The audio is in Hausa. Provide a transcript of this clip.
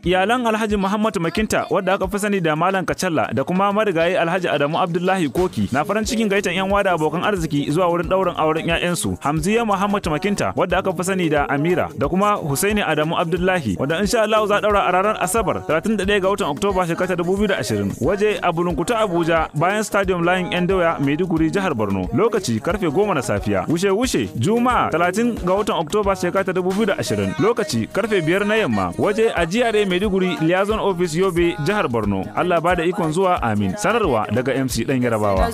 Iyalan Alhaji Muhammad Makinta wadda aka fi sani da Malam Kacalla da kuma marigayi Alhaji Adamu Abdullahi Koki na farin cikin gaitan yan wada abokan arziki zuwa wurin daurin auren 'ya'yansu Hamziya Muhammad Makinta wadda aka fi sani da Amira da kuma Husaini Adamu Abdullahi wadda insha Allah za daura a ranar Asabar 31 ga watan Oktoba shekarar 2020 waje a Bulunkuta Abuja bayan Stadium Lion yan doya Maiduguri jihar Borno lokaci karfe 10 na safiya wushe wushe Juma'a 30 ga watan Oktoba shekarar 2020 lokaci karfe 5 na yamma waje a GRA Maiduguri Liaison Office Yobe jihar Borno. Allah ba da ikon zuwa amin. Sanarwa daga MC ɗan Yarabawa.